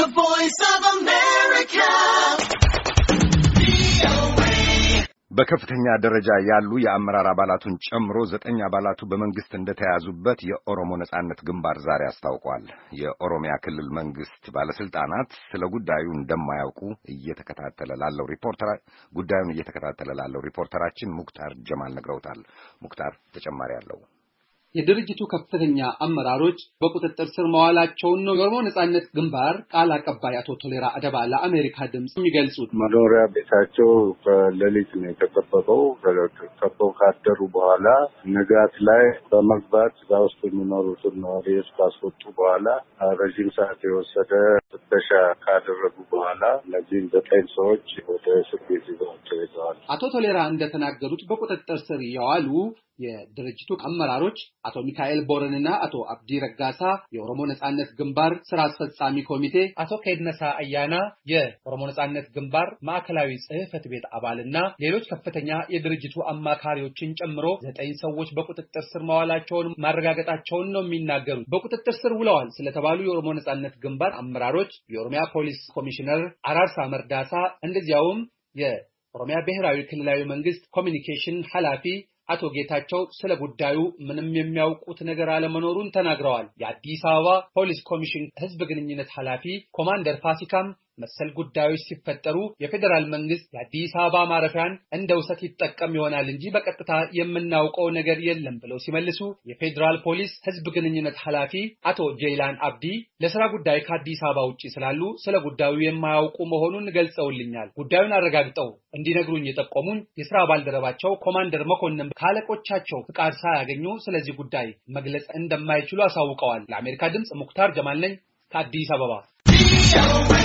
The Voice of America. በከፍተኛ ደረጃ ያሉ የአመራር አባላቱን ጨምሮ ዘጠኝ አባላቱ በመንግስት እንደተያዙበት የኦሮሞ ነጻነት ግንባር ዛሬ አስታውቋል። የኦሮሚያ ክልል መንግስት ባለስልጣናት ስለ ጉዳዩ እንደማያውቁ እየተከታተለ ላለው ሪፖርተራ ጉዳዩን እየተከታተለ ላለው ሪፖርተራችን ሙክታር ጀማል ነግረውታል። ሙክታር ተጨማሪ አለው። የድርጅቱ ከፍተኛ አመራሮች በቁጥጥር ስር መዋላቸውን ነው የኦሮሞ ነጻነት ግንባር ቃል አቀባይ አቶ ቶሌራ አደባ ለአሜሪካ ድምፅ የሚገልጹት። መኖሪያ ቤታቸው በሌሊት ነው የተከበበው። ከበው ካደሩ በኋላ ንጋት ላይ በመግባት እዛ ውስጥ የሚኖሩትን ነዋሪዎች ካስወጡ በኋላ ረዥም ሰዓት የወሰደ ፍተሻ ካደረጉ በኋላ እነዚህም ዘጠኝ ሰዎች ወደ እስር ቤት ይዘዋል። ተገልጸዋል። አቶ ቶሌራ እንደተናገሩት በቁጥጥር ስር የዋሉ የድርጅቱ አመራሮች አቶ ሚካኤል ቦረንና አቶ አብዲ ረጋሳ የኦሮሞ ነጻነት ግንባር ስራ አስፈጻሚ ኮሚቴ፣ አቶ ከድነሳ አያና የኦሮሞ ነጻነት ግንባር ማዕከላዊ ጽህፈት ቤት አባልና ሌሎች ከፍተኛ የድርጅቱ አማካሪዎችን ጨምሮ ዘጠኝ ሰዎች በቁጥጥር ስር መዋላቸውን ማረጋገጣቸውን ነው የሚናገሩት። በቁጥጥር ስር ውለዋል ስለተባሉ የኦሮሞ ነጻነት ግንባር አመራሮች የኦሮሚያ ፖሊስ ኮሚሽነር አራርሳ መርዳሳ እንደዚያውም ኦሮሚያ ብሔራዊ ክልላዊ መንግስት ኮሚኒኬሽን ኃላፊ አቶ ጌታቸው ስለ ጉዳዩ ምንም የሚያውቁት ነገር አለመኖሩን ተናግረዋል። የአዲስ አበባ ፖሊስ ኮሚሽን ህዝብ ግንኙነት ኃላፊ ኮማንደር ፋሲካም መሰል ጉዳዮች ሲፈጠሩ የፌዴራል መንግስት የአዲስ አበባ ማረፊያን እንደ ውሰት ይጠቀም ይሆናል እንጂ በቀጥታ የምናውቀው ነገር የለም ብለው ሲመልሱ የፌዴራል ፖሊስ ህዝብ ግንኙነት ኃላፊ አቶ ጄይላን አብዲ ለስራ ጉዳይ ከአዲስ አበባ ውጭ ስላሉ ስለ ጉዳዩ የማያውቁ መሆኑን ገልጸውልኛል። ጉዳዩን አረጋግጠው እንዲነግሩኝ የጠቆሙን የስራ ባልደረባቸው ኮማንደር መኮንን ከአለቆቻቸው ፍቃድ ሳያገኙ ስለዚህ ጉዳይ መግለጽ እንደማይችሉ አሳውቀዋል። ለአሜሪካ ድምፅ ሙክታር ጀማል ነኝ ከአዲስ አበባ።